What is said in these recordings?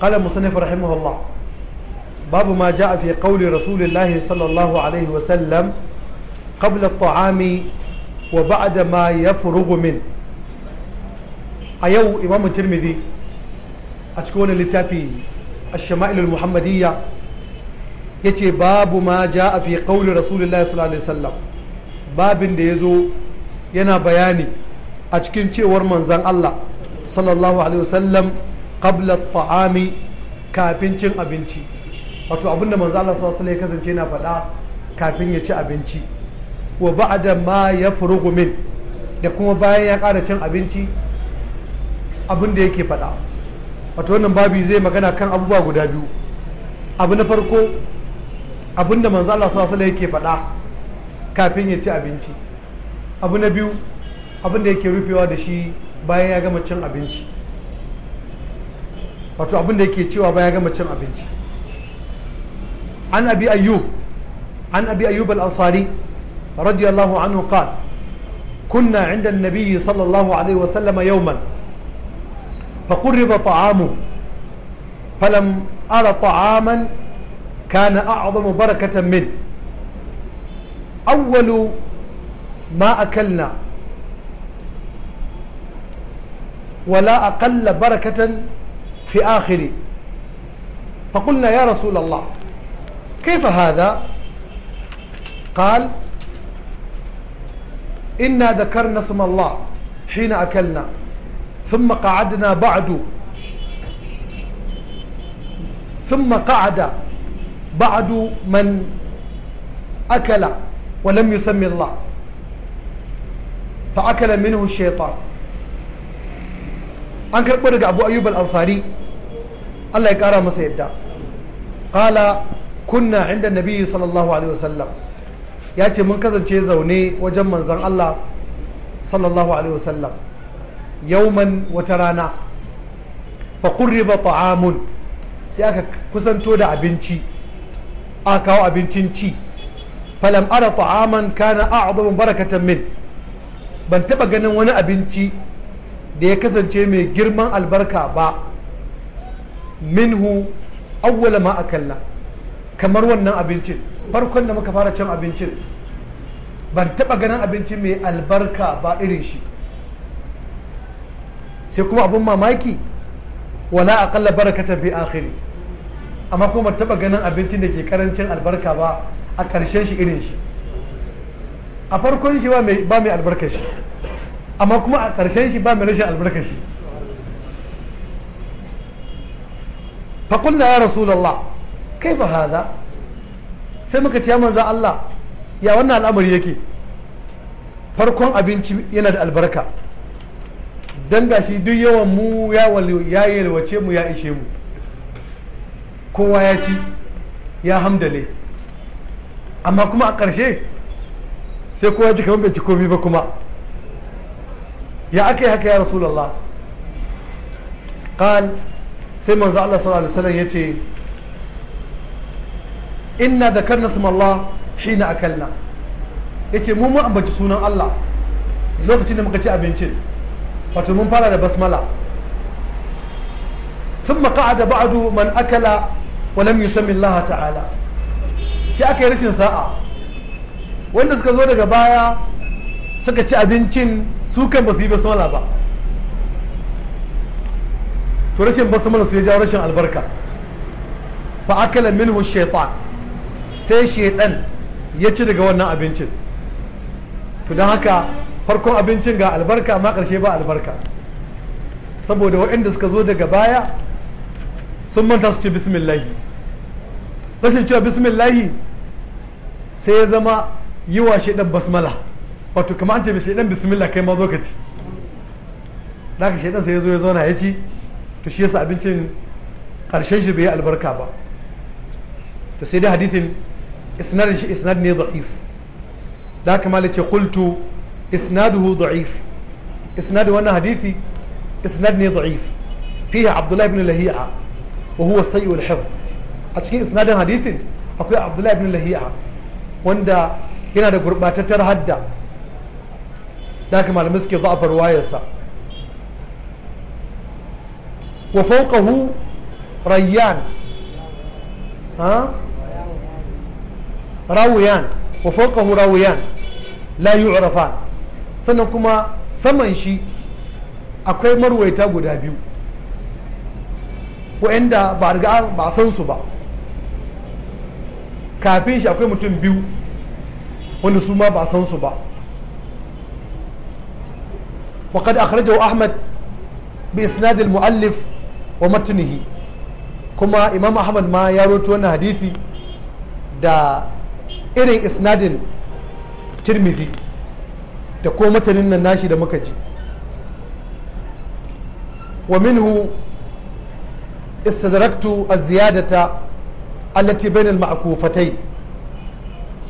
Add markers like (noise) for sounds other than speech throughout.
قال المصنف رحمه الله باب ما جاء في قول رسول الله صلى الله عليه وسلم قبل الطعام وبعد ما يفرغ منه أيو إمام الترمذي أتكون للتابي الشمائل المحمدية يتي باب ما جاء في قول رسول الله صلى الله عليه وسلم باب ديزو ينا بياني أتكين تي ورمان زان الله صلى الله عليه وسلم qabla ta'ami kafin cin abinci wato abinda manzo Allah sallallahu alaihi kasance yana faɗa kafin ya ci abinci wa ba'da ma furugu min da kuma bayan ya ƙara cin abinci abin da yake faɗa wato wannan babi zai magana kan abubuwa guda biyu abu na farko abin da manzo Allah sallallahu alaihi yake faɗa kafin ya ci abinci abu na biyu abin da yake rufewa da shi bayan ya gama cin abinci wato abin da yake cewa ba ya gama cin abinci an abi ayyub an abi ayyub al-ansari radiyallahu anhu qal kunna 'inda an-nabiy sallallahu alaihi wa sallam yawman فقرب طعامه فلم ara ta'aman kana أعظم barakatan min أول ما أكلنا ولا أقل بركة في آخر فقلنا يا رسول الله كيف هذا قال إنا ذكرنا اسم الله حين أكلنا ثم قعدنا بعد ثم قعد بعد من أكل ولم يسمي الله فأكل منه الشيطان an karɓo daga abu ayyub al-ansari Allah ya ƙara masa yadda ƙala kunna inda nabiyyu sallallahu alaihi wasallam ya ce mun kasance zaune wajen manzan Allah sallallahu alaihi wasallam yauman wata rana fa qurriba ta'amun sai aka kusanto da abinci aka kawo abincin ci falam ara ta'aman kana a'zamu barakatan min ban taba ganin wani abinci da ya kasance mai girman albarka ba minhu awwala ma akalla kamar wannan abincin farkon da muka fara cin abincin ban taba ganin abinci mai albarka ba irin shi sai kuma abun mamaki wala akalla barakata fi akhiri amma kuma taba ganin abincin da ke karancin albarka ba a karshen shi irin shi a farkon shi ba mai albarkar shi amma kuma a ƙarshen shi ba mai rashin shi. faƙulna ya rasulallah kai ba haza sai muka ce ya manzan Allah ya wannan al'amari yake farkon abinci yana da albarka don gashi duk yawan mu ya yalwace mu ya ishe mu kowa ya ci ya hamdale amma kuma a ƙarshe sai kowa ci kamar bai ci komi ba kuma ya aka haka ya rasulullah qal sai manzo Allah sallallahu alaihi wasallam yace inna dhakarna isma Allah hina akalna yace mu mun ambaci sunan Allah lokacin da muka abincin wato mun fara da basmala ثم قعد بعد من أكل ولم يسمي الله تعالى sai aka rashin sa'a wanda suka zo daga baya suka ci abincin su kan ba su yi basmala ba to rashin basmala su ya jawo rashin albarka fa akala minhu shaytan sai shaytan ya ci daga wannan abincin to dan haka farkon abincin ga albarka amma karshe ba albarka saboda waɗanda suka zo daga baya sun manta su ce bismillahi rashin cewa bismillahi sai ya zama yi wa shaidan basmala wato kamar an ce mai shaidan bismillah kai ma zo ka ci da ka shaidan sai ya zo ya zauna ya ci to shi yasa abincin karshen shi bai albarka ba to sai dai hadithin isnadin shi isnad ne da'if da haka malik ce qultu isnaduhu da'if isnadu wannan hadithi isnad ne da'if fihi abdullahi ibn lahi'a wa huwa sayyu al-hifz a cikin isnadin hadithin akwai abdullahi ibn lahi'a wanda yana da gurbatattar hadda da haka malamai suke za'afa ruwayarsa wa fawqahu rayyan ha rawiyan wa fawqahu rawiyan la yu'rafan sannan kuma saman shi akwai marwaita guda biyu wa'anda ba riga ba san su ba kafin shi akwai mutum biyu wanda su ma ba san su ba وقد أخرجه أحمد بإسناد المؤلف ومتنه كما إمام أحمد ما يروت وانا حديثي دا إرين إسناد الترمذي da ko matanin nan nashi da muka ji wa minhu istadraktu az-ziyadata allati bainal ma'kufatay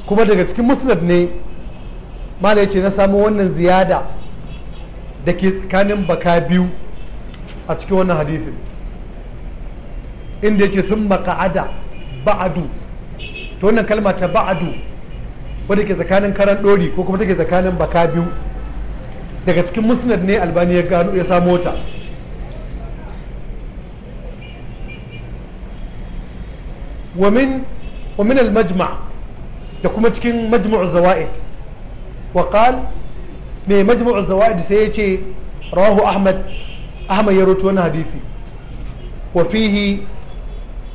kuma daga cikin musnad ne malai ce na samo wannan ziyada da ke tsakanin baka biyu a cikin wannan hadisin inda ya ce sun maka'ada ba'adu ta wannan kalma ta ba'adu wadda ke tsakanin karan dori ko kuma take tsakanin baka biyu daga cikin musnad ne albani ya gano ya samo ta ومن المجمع تكون cikin مجمع الزوائد وقال mai majmu'ul zawaid sai ya ce rawahu ahmad ahmad ya rawaito wannan hadisi wa fihi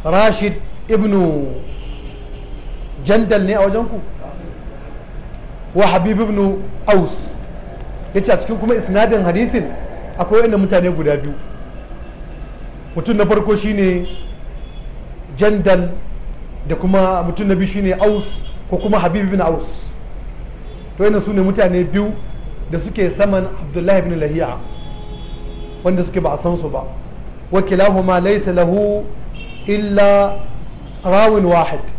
rashid Ibn jandal ne a wajen ku wa habib ibn aus yace a cikin kuma isnadin hadisin akwai wani mutane guda biyu mutum na farko shine jandal da kuma mutum na biyu shine aus ko kuma habib ibn aus to yana su ne mutane biyu da suke saman abdullahi ibn lahiya wanda suke ba a san su ba wakilahuma laysa lahu illa rawin wahid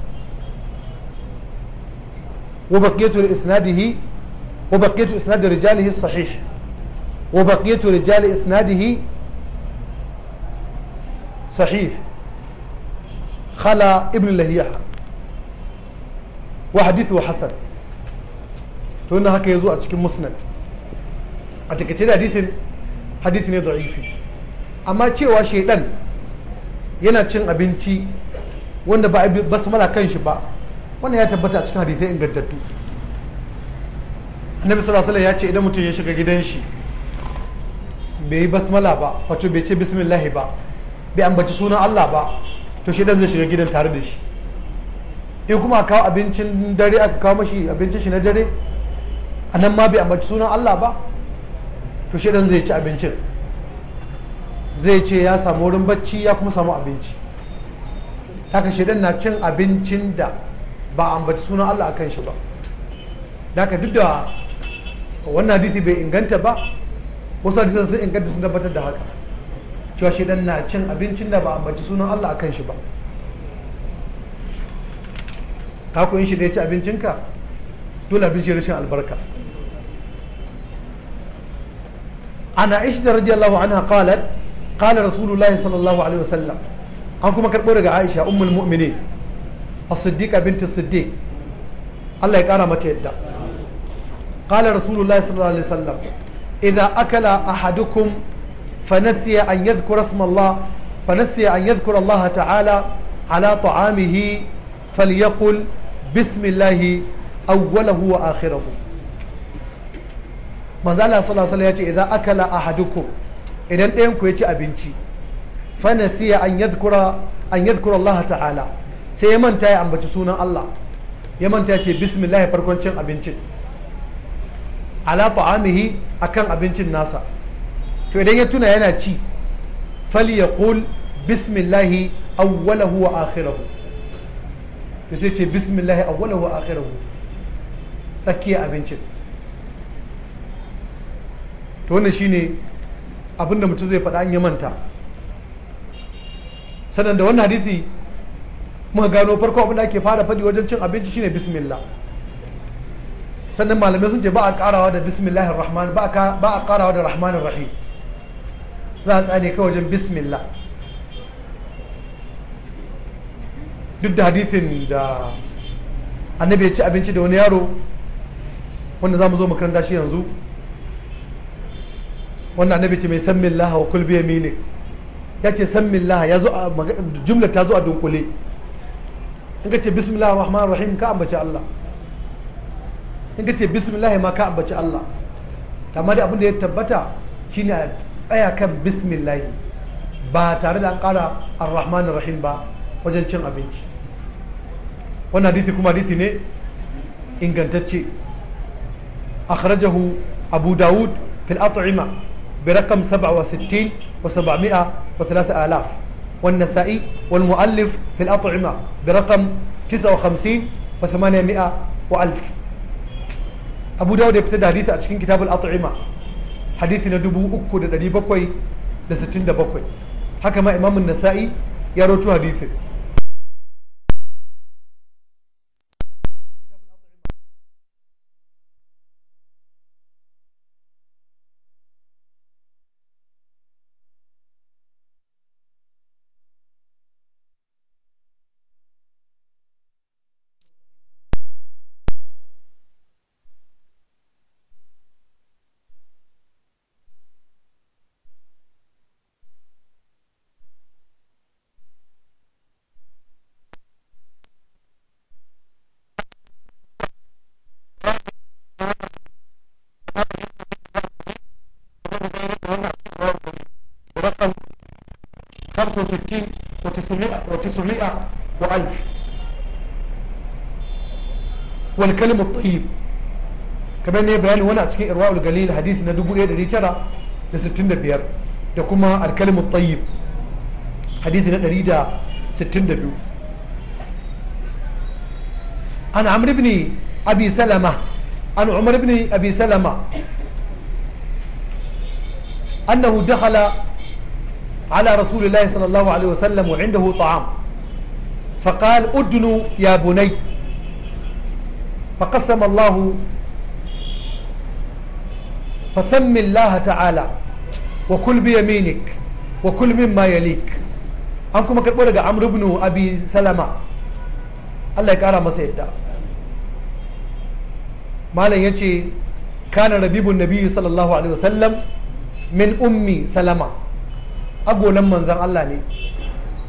وبقية لإسناده وبقية إسناد رجاله الصحيح وبقية رجال إسناده صحيح خلا ابن لهيعة وحديثه حسن تقولنا هكا يزوء أتشكي مسند a takaice da hadithin hadith ne da'ifi amma cewa shaidan yana cin abinci wanda ba a basmala kan shi ba wannan ya tabbata a cikin hadithai ingantattu annabi sallallahu alaihi ya ce idan mutum ya shiga gidan shi bai yi basmala ba wato bai ce bismillahi ba bai ambaci sunan Allah ba to shaidan zai shiga gidan tare da shi in kuma kawo abincin dare aka kawo mashi abincin shi na dare a nan ma bai ambaci sunan Allah ba to shedan zai ci abincin zai ce ya samu wurin bacci ya kuma samu abinci haka shedan na cin abincin da ba ambaci sunan Allah akan shi ba haka duk da wannan hadisi bai inganta ba wasu hadisan sun inganta sun tabbatar da haka cewa shidan na cin abincin da ba ambaci sunan Allah akan shi ba ka in shi da ya ci abincinka dole abinci rashin albarka an aisha radiyallahu anha qalat qala rasulullahi sallallahu alaihi wasallam an kuma karɓo daga aisha ummul mu'minin as-siddiqa binti siddiq Allah ya kara mata yadda qala rasulullahi sallallahu alaihi wasallam idza akala ahadukum فنسي أن يذكر اسم الله فنسي أن يذكر الله تعالى على طعامه فليقل بسم الله أوله وآخره manzo Allah sallallahu alaihi ya ce idan akala ahadukum idan ɗayan ku ya ci abinci fa nasiya an yadhkura an yadhkura Allah ta'ala sai ya manta ya ambaci sunan Allah ya manta ya ce bismillah farkon cin abincin ala ta'amihi akan abincin nasa to idan ya tuna yana ci falyaqul bismillahi awwalahu wa akhirahu to sai ce bismillahi awwalahu wa akhirahu tsakiyar abincin to wannan shine abin da mutum zai faɗa an ya manta sannan da wannan hadisi muka gano farko abin da ake fara faɗi wajen cin abinci shine bismillah sannan malamai sun ce ba a karawa da bismillah rahman ba a karawa da rahman rahim za a tsane kai wajen bismillah duk da hadithin da annabi ya ci abinci da wani yaro wanda za mu zo makaranta shi yanzu wannan annabi ce mai san millaha wa kul bi yaminik ya ce san millaha ya zo a jumla ta zo a dunkule in ka ce bismillah rahman rahim ka ambaci Allah in ka ce bismillah ma ka ambaci Allah amma da abin da ya tabbata shine a tsaya kan bismillah ba tare da an kara ar-rahman rahim ba wajen cin abinci wannan hadisi kuma hadisi ne ingantacce akhrajahu abu dawud fil at'ima برقم 67 و703 آلاف والنسائي والمؤلف في الأطعمة برقم 59 و800 وألف أبو داود يبتدى حديث أتشكين كتاب الأطعمة حديثنا دبو أكو دادي بكوي لستين دبكوي حكما إمام النسائي يروتو حديثه تسعمائة وتسعمائة وألف والكلم الطيب كمان يا بيان وانا اتكي ارواء الجليل حديث ندبو ايه دري ترى تستين بيار da kuma alkalimin tayyib hadisi na 162 an amr ibn abi salama an umar ibn abi salama annahu dakhala على رسول الله صلى الله عليه وسلم وعنده طعام فقال ادنوا يا بني فقسم الله فسم الله تعالى وكل بيمينك وكل مما يليك an kuma karɓo daga amru ibn abi salama Allah ya ƙara masa yadda malam ya ce kana rabibun nabi sallallahu alaihi wasallam min ummi salama agolan manzan Allah ne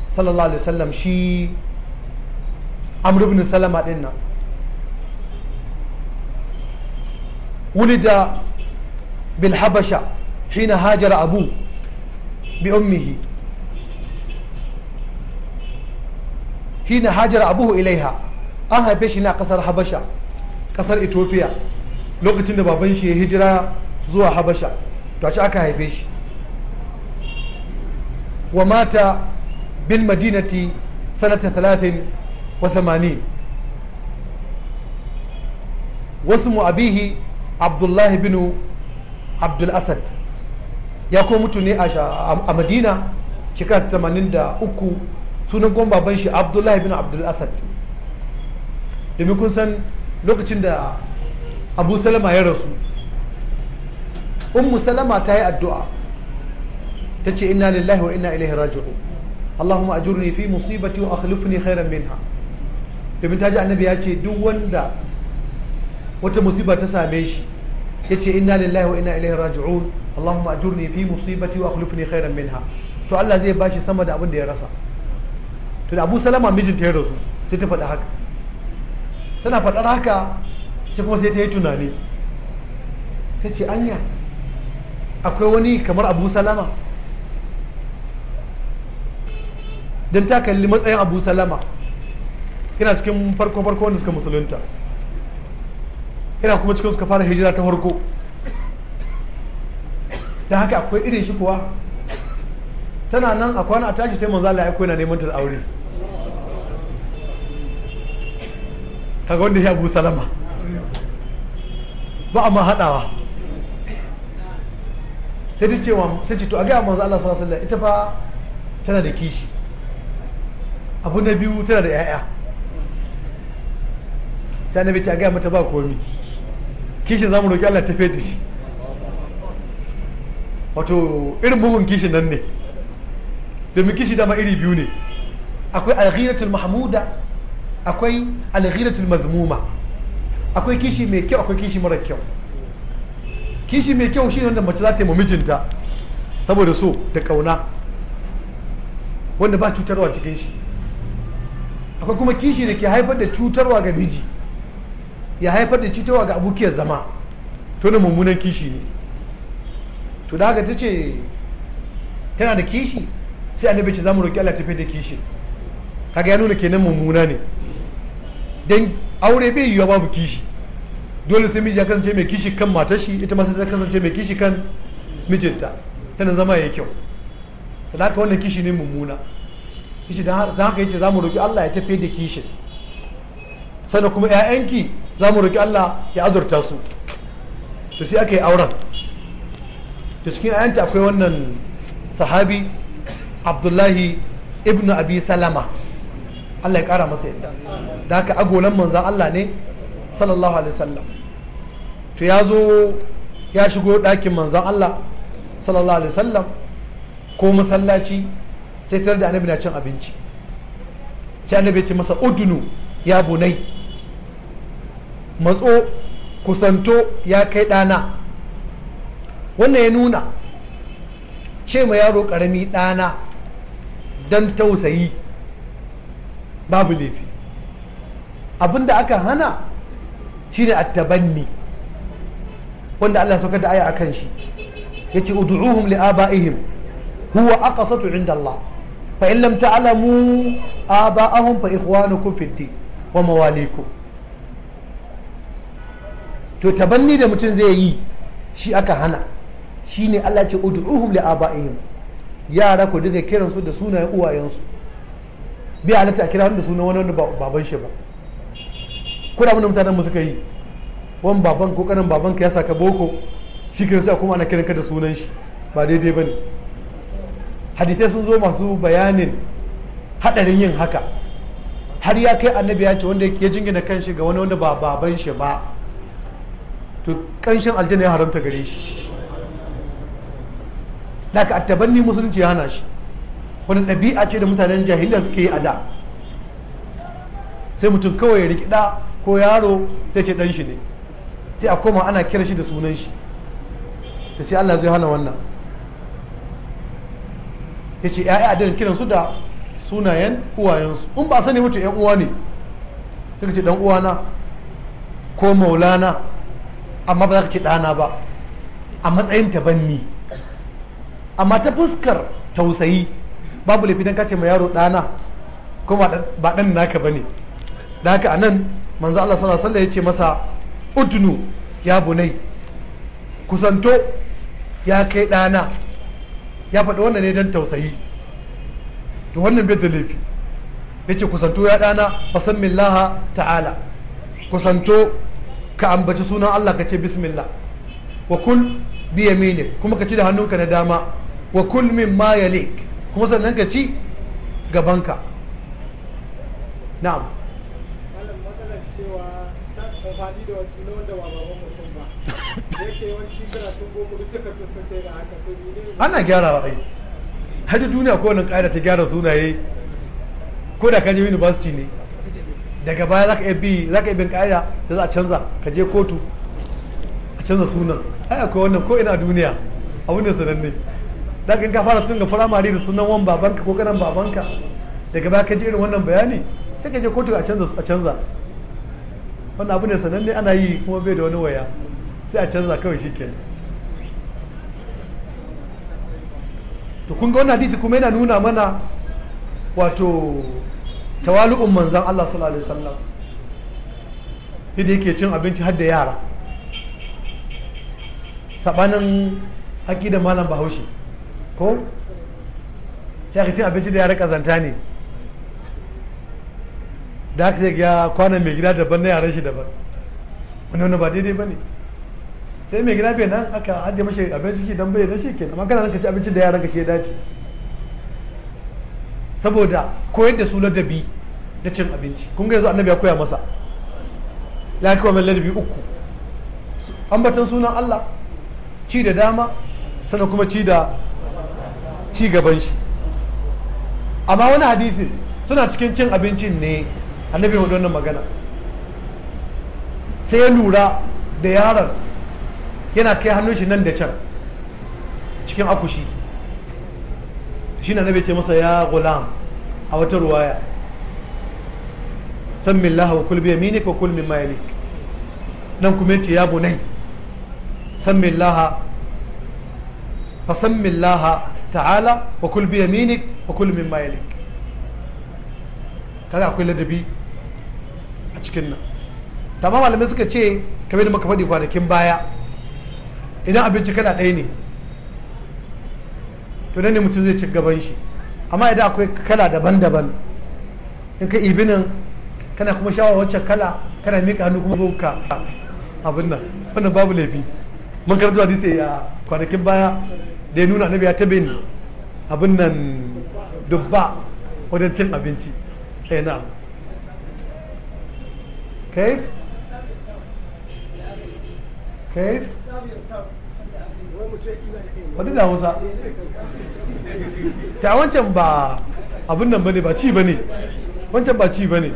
sallallahu alaihi wasallam shi amr ibn salama din nan wulida bil habasha hina hajara abu bi ummihi hina hajara abu ilaiha an haife shi na kasar habasha kasar ethiopia lokacin da baban shi ya hijira zuwa habasha to a aka haife shi wa mata bil madinati sanata talatin wa samani wasu mu abihi abdullahi binu abdul asad ya kuma mutu ne a madina shekara 83 sunan gwan baban shi abdullahi bin abdul asad domin kun san lokacin da abu salama ya rasu ummu salama ta yi addu'a tace inna lillahi wa inna ilaihi raji'un Allahumma ajurni fi musibati wa akhlifni khairan minha domin ta ji annabi ya ce duk wanda wata musiba ta same shi ya ce inna lillahi wa inna ilaihi raji'un Allahumma ajurni fi musibati wa akhlifni khairan minha to Allah zai bashi sama da abin da ya rasa to da Abu Salama mijinta ya rasu sai ta faɗa haka tana faɗar haka sai kuma sai ta yi tunani ta ce anya akwai wani kamar Abu Salama don ta kalli matsayin abu salama yana cikin farko farko wanda suka musulunta yana kuma cikin suka fara hijira ta farko ta haka akwai irin shi kuwa tana nan a kwana a tashi sai manzo Allah ya koyi na neman ta aure kaga wanda ya abu salama ba a ma haɗawa sai ta cewa ta ce to a ga manzo Allah sallallahu alaihi wasallam ita fa tana da kishi abu na biyu tana da 'ya'ya sai na ce a gaya mata ba komi kishin mu roƙi Allah tafe da shi wato irin bugun kishin nan ne domin kishi dama iri biyu ne akwai alghiratul mahmuda akwai alghiratul mazmuma akwai kishi mai kyau akwai kishi mara kyau kishi mai kyau shine wanda mace za ta yi mijinta saboda so da kauna wanda ba cutarwa cikin shi akwai kuma kishi da ke haifar da cutarwa ga miji ya haifar da cutarwa ga abokiyar zama to da mummunan kishi ne to da haka ta ce tana da kishi sai annabi ce za mu roƙi Allah tafi da kishi kaga ya nuna kenan mummuna ne dan aure bai yiwa babu kishi dole sai miji ya kasance mai kishi kan matar shi ita ma sai ta kasance mai kishi kan mijinta sannan zama ya kyau sadaka wannan kishi ne mummuna yace dan za ka yace za mu roki Allah ya tafi da kishin sannan kuma ƴaƴanki za mu roki Allah ya azurta su to sai aka yi auren to cikin ayanta akwai wannan sahabi Abdullahi ibnu Abi Salama Allah ya kara masa yadda da haka agolan manzan Allah ne sallallahu alaihi wasallam to ya zo ya shigo ɗakin manzan Allah sallallahu alaihi wasallam ko masallaci sai tare da annabi na cin abinci sai annabi ce masa udunu ya bunai matso kusanto ya kai ɗana wannan ya nuna ce ma yaro ƙarami ɗana don tausayi babu laifi abinda aka hana shine attabanni wanda Allah saukar da aya akan shi ce udu'uhum li abaihim huwa aqsatu inda Allah fa in lam ta'lamu aba'ahum fa ikhwanukum fid din wa mawalikum to tabanni da mutum zai yi shi aka hana shine Allah ce ud'uhum li aba'ihim yara ku daga kiran su da sunayen uwayensu bi halatta a kira da sunan wani wanda baban shi ba kuna mun mutanen mu suka yi wani baban ko kanin baban ka ya saka boko shi kiran sa kuma ana kiran ka da sunan shi ba daidai bane hadithai sun zo masu bayanin hadarin yin haka har ya kai annabi ya ce wanda ya jingina kanshi ga wani wanda ba baban shi ba to kanshin aljanna ya haramta gare shi daga attabanni musulunci ya hana shi wani ɗabi'a ce da mutanen jahiliya suke yi a da sai mutum kawai ya rikida ko yaro sai ce ɗan shi ne sai a koma ana kira shi da sunan shi da sai allah zai hana wannan ya ce ‘ya'ya adin kiran su da sunayen uwayensu in ba sani wuce ‘yan uwa ne suka ce ɗan na ko maulana amma ba za ka ce ɗana ba a matsayin ta banni amma ta fuskar tausayi babu laifi don kace ma yaro ɗana ko ba ɗan naka ba ne da haka anan manzo Allah sallallahu alaihi ya ce masa udnu ya bunai kusanto ya kai ɗana ya faɗi wannan ne don tausayi to wannan bai da laifi ya ce kusanto ya ɗana fasan millaha ta'ala kusanto ka ambaci sunan Allah ka ce bismillah wa kul bi kuma ka ci da hannunka na dama wa kul min ma yalik kuma sannan ka ci gabanka na'am ana gyarawa ai hajji duniya ko wani ƙa'ida ta gyara sunaye ko da ka je university ne daga baya za ka iya bi za ka iya bin ƙa'ida da za a canza ka je kotu a canza sunan ai akwai wannan ko ina duniya abu ne sananne daga in ka fara tun ga firamare da sunan wani babanka ko kanan babanka daga baya ka je irin wannan bayani sai ka je kotu a canza wannan abu ne sananne ana yi kuma bai da wani waya sai a canza kawai shi kenan to kun ga wannan hadisi kuma yana nuna mana wato tawalu'un manzan Allah sallallahu alaihi wasallam yadda yake cin abinci har da yara sabanin haƙi da malam bahaushe ko sai aka cin abinci da yara kazanta ne da aka sai ya kwanan mai gida daban na yaran shi daban wani wani ba daidai ba ne sai mai gida nan aka ajiye mashi abinci shi don bayyana shi ke amma kana nan ka ci abincin da yaran ka shi ya dace saboda koyar da su ladabi da cin abinci kun ga yanzu annabi ya koya masa ya kawo mai ladabi uku ambaton sunan Allah ci da dama sannan kuma ci da ci gaban shi amma wani hadithin suna cikin cin abincin ne annabi wannan magana sai ya lura da yaran. yana kai hannun shi nan da can cikin akushi shi na nabi ce masa ya gulam a wata ruwaya san min laha wa kul bi yaminik wa kul min mayalik nan kuma yace ya bunai san min laha fa san min laha ta'ala wa kul bi yaminik wa kul min mayalik kaga akwai ladabi a cikin nan tamam malamai suka ce kamar da muka faɗi kwanakin baya idan abinci kana ɗaya ne to nan ne mutum zai ci gaban shi amma idan akwai kala daban-daban in ka ibinin kana kuma shawar wacce kala kana miƙa hannu kuma ka abin nan wannan babu laifi mun karanta hadisi a kwanakin baya da ya nuna annabi ya tabe abin nan dubba wajen cin abinci eh, na kai kai wadda da hausa ta wancan ba abin nan bane ba ci bane wancan ba ci bane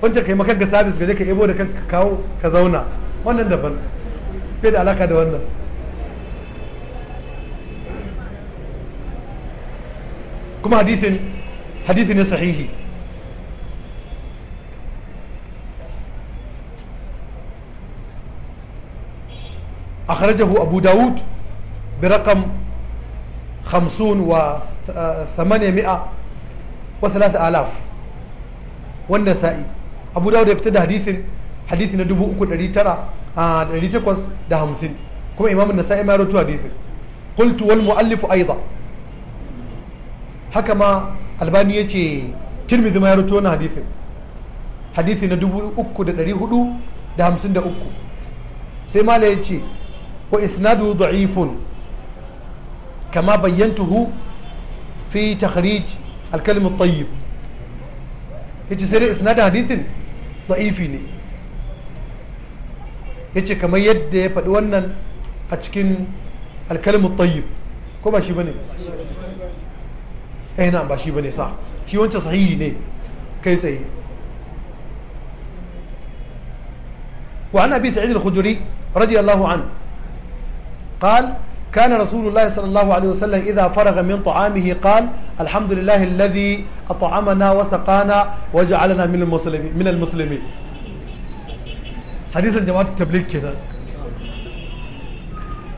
wancan kai makar ga sabis gaje ka ebo da kanka kawo ka zauna wannan daban bai da alaka da wannan kuma hadithin hadithin ne sahihi أخرجه أبو داود برقم خمسون وثمانمائة وثلاثة آلاف والنسائي أبو داود يبتدى حديث حديث ندبو أكد ريترا ريتكوس ده همسين كما إمام النسائي ما رتو حديث قلت والمؤلف أيضا حكما الباني يتي ترمذي ما رتو حديث حديث ندبو أكد ريهدو ده همسين ده أكد سيما ليتي وإسناده ضعيف كما بينته في تخريج الكلم الطيب yace sai dai isnadin hadithin da'ifi ne yace kamar yadda ya faɗi wannan a cikin alkalmu tayyib ko ba shi bane eh na ba shi bane sa shi wancan sahihi ne kai tsaye وعن ابي سعيد الخدري رضي الله عنه قال كان رسول الله صلى الله عليه وسلم إذا فرغ من طعامه قال الحمد لله الذي أطعمنا وسقانا وجعلنا من المسلمين من المسلمين حديث جماعة التبليغ كذا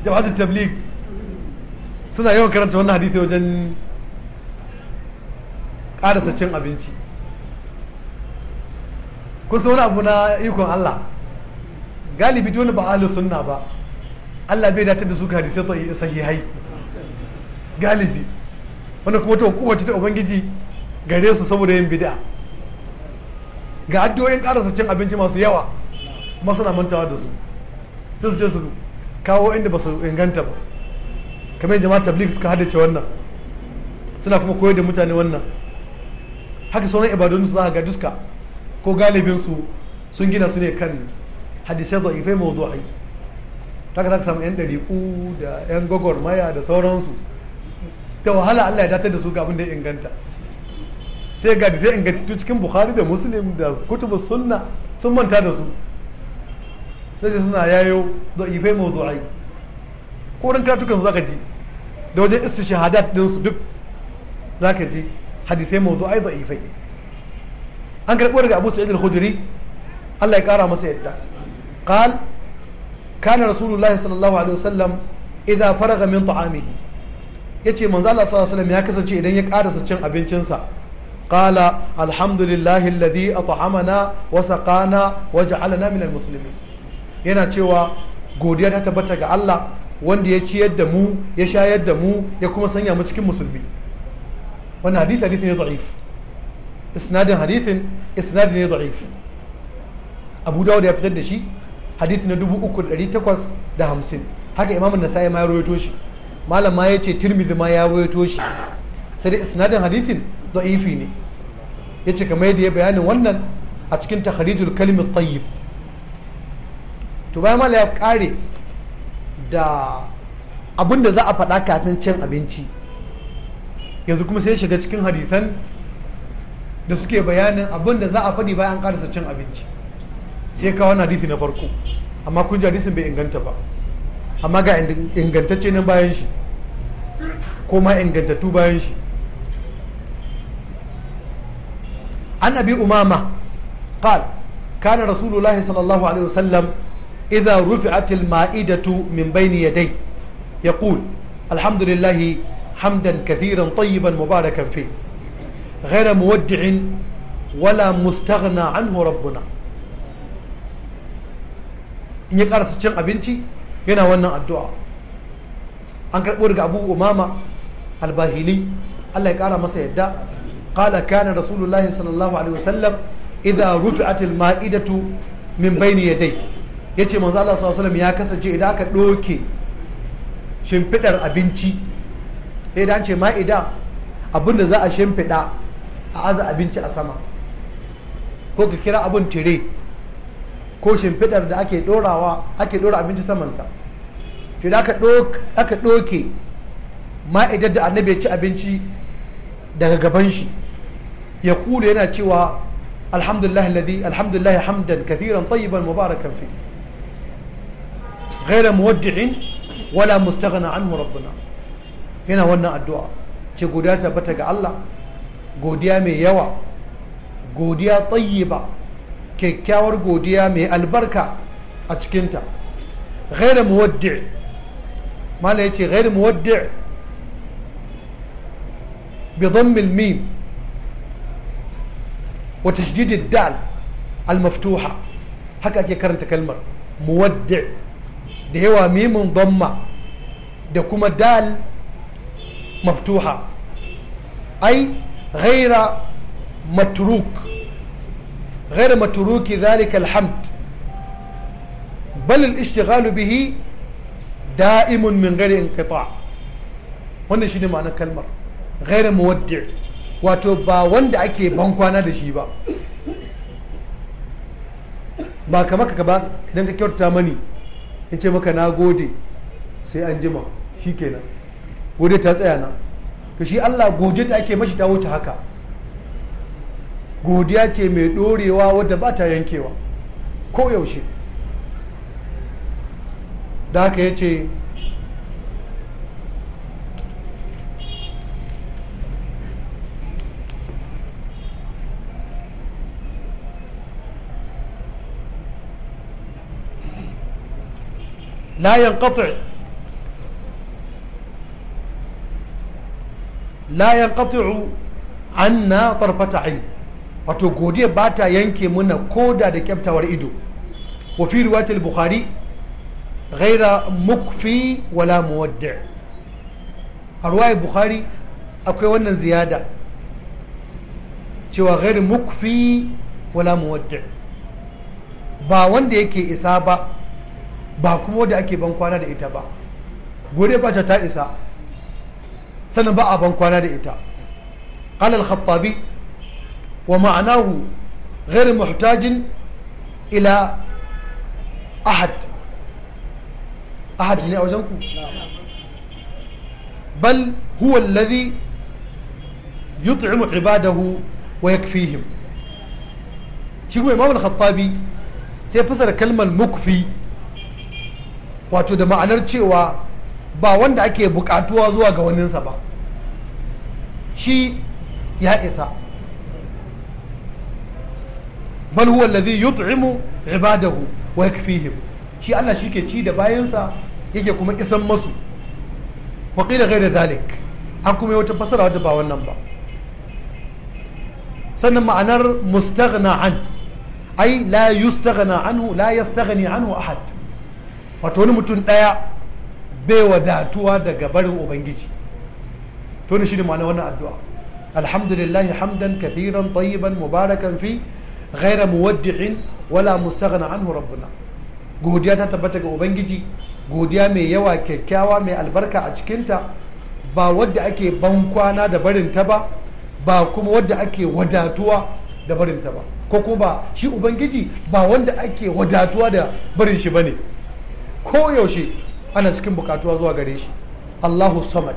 جماعة التبليغ suna yawan karanta wannan hadithi wajen ƙarasa cin abinci kusa wani abu na ikon Allah galibi dole ba ahlus sunna ba Allah bai datar da su ga sai sahihai galibi wanda kuma ta kowace ta ubangiji gare su saboda yin bid'a ga addu'o'in karasa cin abinci masu yawa masana mantawa da su sai su je su kawo inda ba su inganta ba kamar jama'a tabligh suka haddace wannan suna kuma koyar da mutane wannan haka sauran ibadun su za ga duska ko galibin su sun gina su ne kan hadisai ifai mawdu'ai haka za ka samu 'yan ɗariƙu da 'yan gwagwarmaya da sauransu ta wahala allah ya datar da su ga abin da ya inganta sai ga sai ingantattu cikin bukhari da muslim da kutubus sunna sun manta da su sai da suna yayo da'ifai mawdu'ai ko ran karatukan zaka ji da wajen shahadat din su duk zaka ji hadisai mawdu'ai da'ifai an karɓo daga abu sa'id al-khudri Allah ya ƙara masa yadda qal kana rasulullahi sallallahu alaihi wasallam idza min ta'amihi yace manzo Allah sallallahu alaihi wasallam ya kasance idan ya karasa cin abincinsa qala alhamdulillahi alladhi at'amana wa saqana wa ja'alana minal muslimin yana cewa godiya ta tabbata ga Allah wanda ya ciyar da mu ya shayar da mu ya kuma sanya mu cikin musulmi wannan hadith hadith ne da'if isnadin hadithin isnadin ne da'if abu dawud ya fitar da shi hadisi na hamsin haka imam nasa'i ma ya rawaito shi malam ma ce tirmidhi ma ya rawaito shi sai dai isnadin hadithin da'ifi ne yace kamar yadda ya bayanin wannan a cikin takharijul kalmi tayyib to bayan malam ya kare da abin da za a faɗa kafin cin abinci yanzu kuma sai shiga cikin hadithan da suke bayanin abin da za a faɗi bayan karasa cin abinci sai kawo wani hadisi na farko amma kun ji hadisin bai inganta ba amma ga ingantacce na bayan shi ko ma ingantattu bayan shi an abi umama qal kana rasulullahi sallallahu alaihi wasallam idza rufi'at al-ma'idatu min bayni yaday yaqul alhamdulillahi hamdan kathiran tayyiban mubarakan fi غير مودع wala مستغنى عنه ربنا in ya karasa cin abinci yana wannan addu'a an karɓo daga abu umama albahili allah ya kara masa yadda kala kana rasulullahi sallallahu alaihi wasallam idan rufi'atil ma'idatu min dai. yadai ce manzo Allah sallallahu alaihi wasallam ya kasance idan aka ɗoke shimfiɗar abinci idan ce ma'ida abinda za a shimfiɗa a aza abinci a sama ko ka kira abun tire ko shimfiɗar da ake ɗorawa ake ɗora abinci samanta to da aka ɗoke ma'idar da annabi ya ci abinci daga gaban shi ya kula yana cewa alhamdulillah alladhi alhamdulillah hamdan kathiran tayyiban mubarakan fi ghayra muwaddi'in wala mustaghna anhu rabbuna yana wannan addu'a ce godiya tabbata ga Allah godiya mai yawa godiya tayyiba kyakkyawar godiya mai albarka a cikinta ghaira muwaddi mala ya ce ghaira muwaddi bi dhammil mim wa dal maftuha haka ake karanta kalmar muwaddi da yawa mimin dhamma da kuma dal maftuha ai ghaira matruk غير متروك ذلك الحمد بل الاشتغال به دائم من غير انقطاع wannan shine ma'anar kalmar غير مودع wato ba wanda ake bankwana da shi ba ba kamar ka ba idan ka kyautata mani in ce maka na gode sai an jima shi kenan gode ta tsaya na to shi Allah gode da ake mashi ta wuce haka godiya ce mai ɗorewa wadda ba ta yankewa yaushe da haka ya ce لا ينقطع لا ينقطع عنا طرفة عين wato godiya ba ta yanke muna koda da kyaftawar ido wa fi riwayatul bukhari ghaira mukfi wala muwaddi a ruwayar bukhari akwai wannan ziyada cewa ghaira mukfi wala muwaddi ba wanda yake isa ba ba kuma wanda ake ban kwana da ita ba godiya ba ta isa sannan ba a ban kwana da ita قال الخطابي wa ma'anahu غير محتاج إلى أحد أحد هنا أوزنكو بل هو الذي يطعم عباده ويكفيهم شكو إمام الخطابي سيفسر كلمة مكفي wato da ma'anar cewa ba wanda ake bukatuwa zuwa ga waninsa ba shi ya isa bal huwa allazi yut'imu ibadahu wa yakfihim shi Allah shi ke ci da bayansa yake kuma isan masu wa qila ghayra dhalik an kuma wata fasara wadda ba wannan ba sannan ma'anar mustaghna an ai la yustaghna anhu la yastaghni anhu ahad wato wani mutum daya bai wadatuwa daga barin ubangiji to ne shi ne ma'anar wannan addu'a alhamdulillahi hamdan kathiran tayyiban mubarakan fi ghaira muwaddi'in wala mustaghna anhu godiya ta tabbata ga ubangiji godiya mai yawa kyakkyawa mai albarka a cikinta ba wadda ake bankwana da barinta ba ba kuma wadda ake wadatuwa da barinta ba ko kuma ba shi ubangiji ba wanda ake wadatuwa da barin shi bane ko yaushe ana cikin bukatuwa zuwa gare shi allahu samad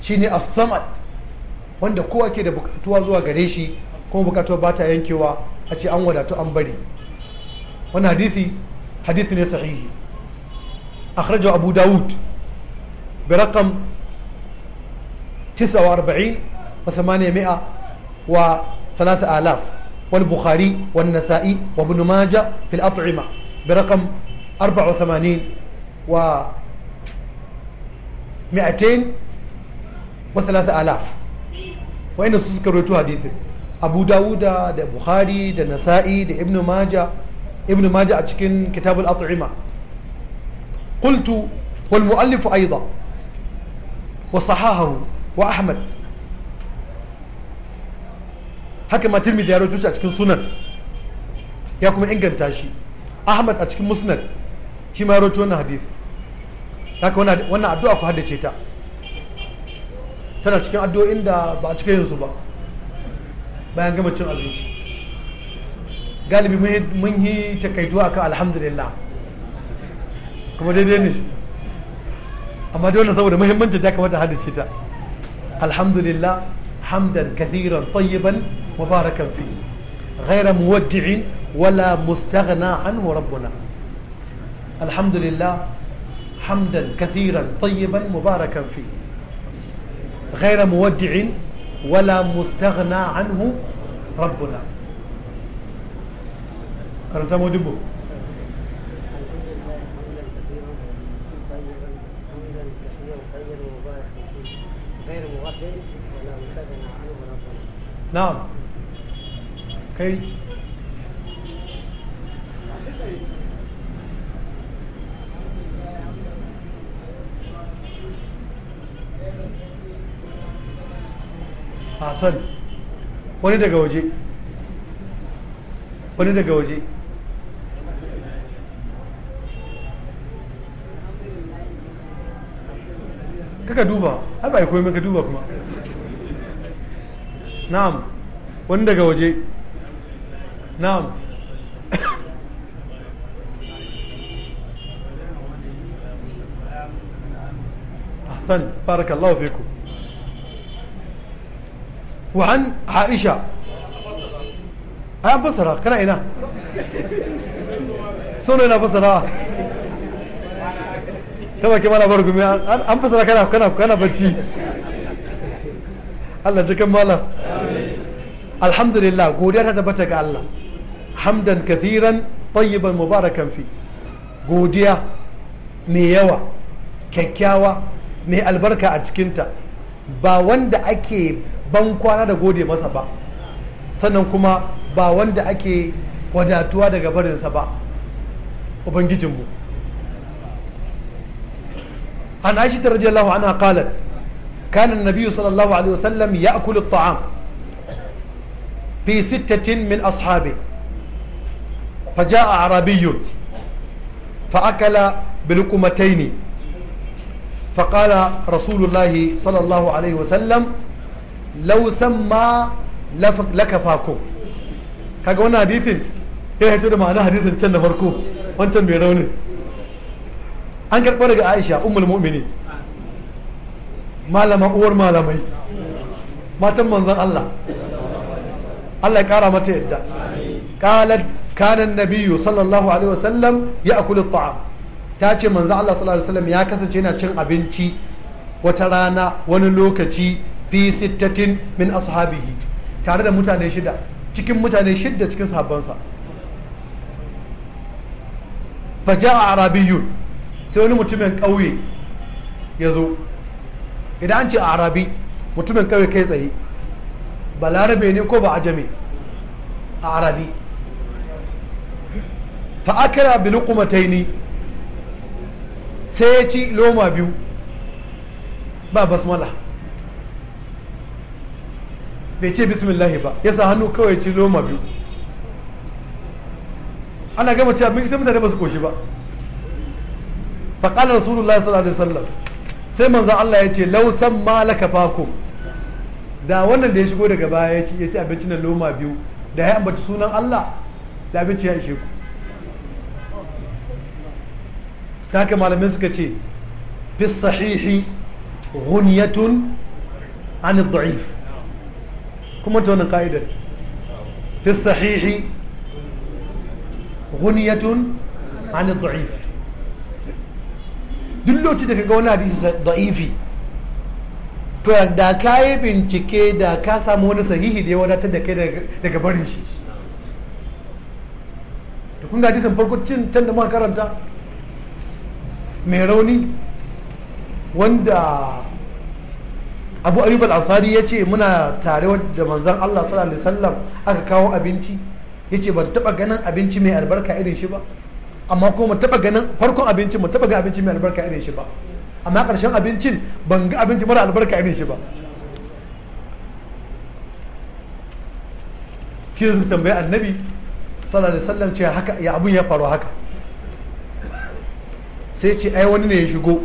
shine as-samad wanda kowa ke da bukatuwa zuwa gare shi kuma bukatuwa ba ta yankewa a ce an wadatu an bari wani hadithi hadithi ne sahihi akhrajahu abu dawud bi raqam 49 wa 800 wa 3000 والبخاري والنسائي وابن ماجه في الأطعمة برقم 84 و 200 و 3000 wa'inda su suka rawaito hadithin abu dawuda da bukhari da nasa'i da ibn maja ibn maja a cikin kitabul at'ima qultu wal mu'allif aidan wa sahahahu wa ahmad haka ma tirmidhi ya rawaito shi a cikin sunan ya kuma inganta shi ahmad a cikin musnad shi ma ya rawaito wannan hadith haka wannan addu'a ku haddace ta tana cikin addu'o'in da ba a cika yin su ba bayan gama cin abinci galibi mun yi takaituwa akan alhamdulillah kuma daidai ne amma dole saboda muhimmancin ta kamata ce ta alhamdulillah hamdan kathiran tayyiban mubarakan fi غير مودع ولا مستغنى عنه ربنا الحمد لله حمدا كثيرا طيبا مباركا فيه غير مودع ولا مستغنى عنه ربنا كرمت مودبه نعم كي Hassan wani daga waje wani daga waje kaka duba haɓa koyi maka duba kuma na'am wani daga waje na'am (coughs) Hassan, ahsan barakallahu ku wa an aisha ai an fassara kana ina sono yana fassara ta baki mana bar gumi an fassara kana kana kana bacci Allah cikin malam godiya ta tabbata ga Allah hamdan kathiran tayyiban mubarakan godiya mai yawa kyakkyawa mai albarka a cikinta ba wanda ake ban kwana da gode masa ba sannan kuma ba wanda ake wadatuwa daga barinsa ba ubangijinmu an ashi ta radiyallahu anha qalat kana an-nabiy sallallahu alaihi wasallam ya'kulu at-ta'am fi sittatin min ashabi فجاء عربي فأكل بلقمتين فقال رسول الله صلى الله عليه وسلم lausan ma lakafa ko kaga wannan hadithin ya haito da ma'ana hadithin can da farko wancan mai raunin an karɓo daga aisha ummul mu'mini malama uwar malamai matan manzan allah allah ya ƙara mata yadda qalat kana Nabiyu sallallahu alaihi wasallam ya akulu ta'am ta ce manzan allah sallallahu alaihi wasallam ya kasance yana cin abinci wata rana wani lokaci fi sittatin min ashabihi tare da mutane shida cikin mutane shida cikin sahabbansa faja a arabiyun sai wani mutumin ƙauye ya zo idan an ce a arabi mutumin ƙauye kai tsaye ba larabe ne ko ba ajami a arabi fa'akira ni sai ya ci loma biyu ba basmala bai ce bismillahi ba ya sa hannu kawai ci loma biyu ana gama cewa mun sai mutane ba su koshi ba fa qala rasulullahi sallallahu alaihi wasallam sai manzo Allah ya ce law malaka fako da wannan da ya shigo daga baya ya ci ya ci abinci na loma biyu da ya ambaci sunan Allah da abinci ya ishe ku ta haka malamai suka ce fi sahihi ghunyatun an ad-da'if kuma ta wannan ka'idar fi sahihi ghunyatun da'if duk lokacin da kaga wani hadisi da'ifi to da ka yi bincike da ka samu wani sahihi da ya wadatar da kai daga barin shi da kun ga hadisin farko cin can da muka karanta mai rauni wanda abu ayyub al-ansari ya ce muna tare da manzan allah sallallahu alaihi wasallam aka kawo abinci ya ce ban taba ganin abinci mai albarka irin shi ba amma kuma taba ganin farkon abincin mu taba ga abinci mai albarka irin shi ba amma karshen abincin ban ga abinci mara albarka irin shi ba shi da suka tambayi annabi sallallahu alaihi wasallam ce haka ya abun ya faru haka sai ce ai wani ne ya shigo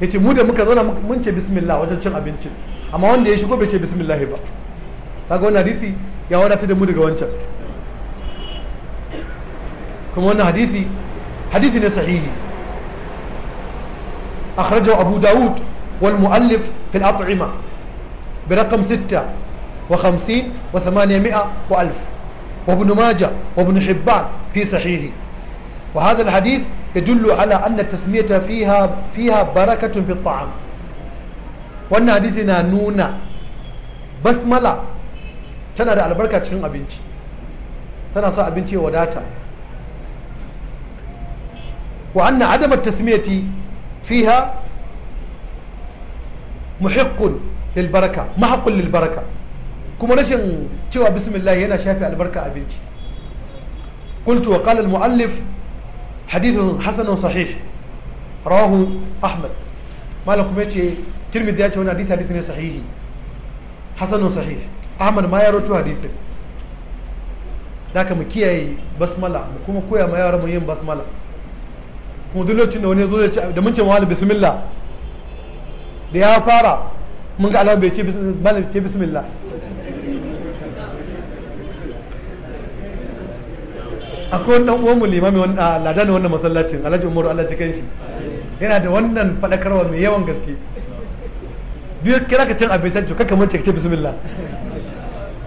yace mu da muka zauna mun ce bismillah wajen cin abinci amma wanda ya shigo bai ce bismillah ba kaga wannan hadisi ya wadata da mu daga wancan kuma wannan hadisi hadisi ne sahihi akhrajahu abu daud wal أخرجه أبو داود والمؤلف في الأطعمة برقم ستة وخمسين وثمانمائة وألف وابن ماجة وابن حبان في صحيحه وهذا الحديث يدل على أن التسمية فيها فيها بركة في الطعام وأن حديثنا نونا بسملة تنا دا البركة شنو أبنتي تنا صا أبنتي وداتا وأن عدم التسمية فيها محق للبركة محق للبركة كما رشن تشوى بسم الله هنا شافي البركة أبنتي قلت وقال المؤلف hadithun hasanun sahih rawahu ahmad malam kuma yace tirmidhi ya ce wani hadith hadith ne sahihi hasanun sahih ahmad ma ya rawaito hadithin da mu kiyaye basmala mu kuma koya ma yara mu yin basmala kuma duk lokacin da wani zo da mun ce bismillah da ya akwai wani dan uwanmu limami wani lada ne wannan masallacin alhaji umaru allah ji shi yana da wannan fadakarwa mai yawan gaske duk kira ka cin abin sai kaka mun ce bismillah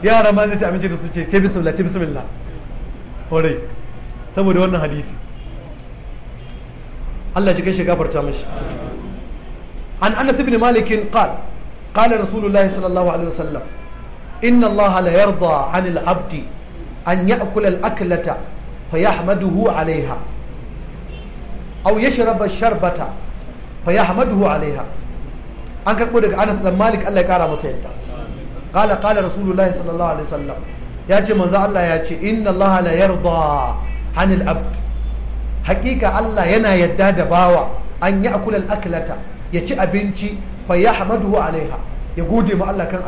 yara ma zai ci abinci da su ce ce bismillah ce bismillah horai saboda wannan hadisi Allah ji kai shi gafarta mashi an anas ibn malik qal qala rasulullahi sallallahu alaihi wasallam inna allaha la yarda 'anil 'abdi an ya'kula al-aklata فيحمده عليها أو يشرب الشربة فيحمده عليها an karɓo daga anas dan malik allah ya ƙara masa yadda ƙala ƙala rasulullahi sallallahu alaihi wasallam ya ce manza allah ya ce inna allaha la yarda hanil abd haƙiƙa allah yana yadda da bawa an yi akula aklata ya ci abinci fa ya hamaduhu alaiha ya gode allah kan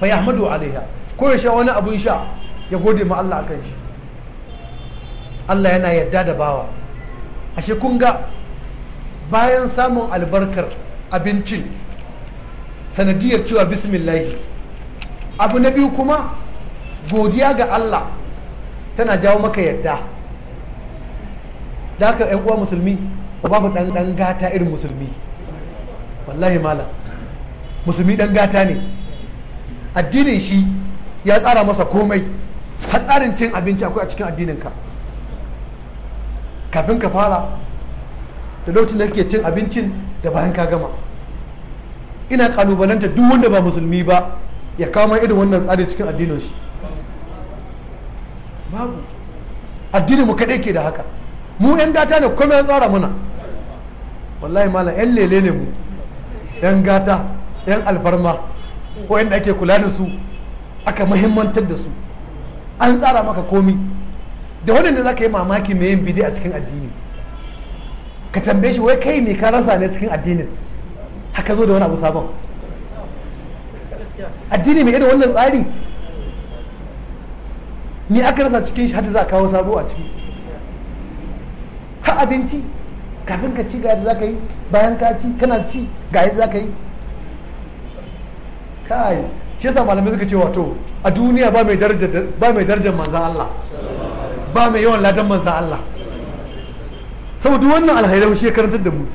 fa hamadu alaiha ko ya sha wani abun sha ya gode ma Allah akan shi Allah yana yadda da bawa ashe kun ga bayan samun albarkar abincin sanadiyar cewa bismillahi abu na biyu kuma godiya ga Allah tana jawo maka yadda da haka yan uwa musulmi babu dan dan gata irin musulmi wallahi mala musulmi dan gata ne addinin shi ya tsara masa komai har tsarin cin abinci akwai a cikin addininka kafin ka fara da lokacin da kake cin abincin da bayan ka gama ina kalubalanta duk wanda ba musulmi ba ya kama irin wannan tsarin cikin addinin shi babu addinin mu kaɗai ke da haka mu yan gata ne kuma yan tsara muna wallahi malam yan lele ne mu yan gata yan alfarma wa'anda ake kula da su aka mahimmantar da su an tsara maka komi da wadanda za ka yi mamaki mai yin bidi a cikin addini ka tambaye shi wai kai ne ka rasa ne cikin addinin haka zo da wani abu sabon addini mai irin wannan tsari ni aka rasa cikin shi hadda za a kawo sabo a ciki ha abinci kafin ka ci ga yadda za ka yi bayan ka ci kana ci ga yadda za ka yi kai shi yasa malamai suka ce wato a duniya ba mai darajar manzan Allah ba mai yawan ladan manzan Allah saboda duk wannan alhairai shi ya karantar da mu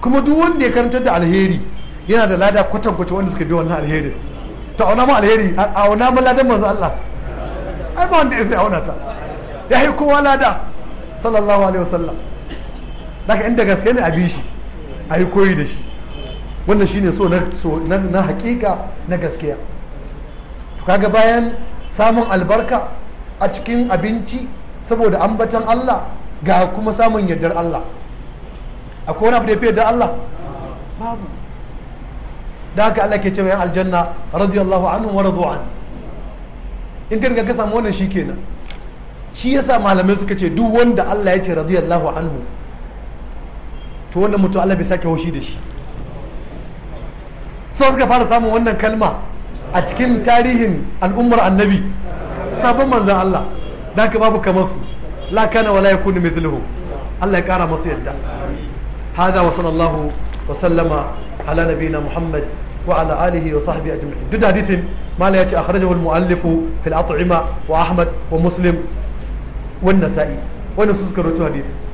kuma duk wanda ya karantar da alheri yana da lada kwatan kwata wanda suka bi wannan alheri to auna mu alheri auna mu ladan manzan Allah ai ba wanda ya sai auna ta ya yi kowa lada sallallahu alaihi wasallam daga inda gaske ne a bi shi a yi koyi da shi wannan shine so na hakika na gaskiya to kaga bayan samun albarka a cikin abinci saboda ambatan Allah ga kuma samun yardar Allah akwai wani abu da ya fi yardar Allah babu da haka Allah ke cewa yan aljanna radiyallahu anhu wa radu an in ka ka samu wannan shikenan shi yasa malamai suka ce duk wanda Allah ya ce radiyallahu anhu to wannan mutum Allah bai sake haushi da shi so suka fara samun wannan kalma a cikin tarihin al'ummar annabi sabon manzan Allah da haka babu kamar su la kana wala yakunu mithluhu Allah ya kara masu yadda hada wa sallallahu wa sallama ala Muhammad wa ala alihi wa sahbihi ajma'in duk hadisin mala yace akhrajahu al-mu'allif fil at'ima wa Ahmad wa Muslim wa su suka rawaito hadisin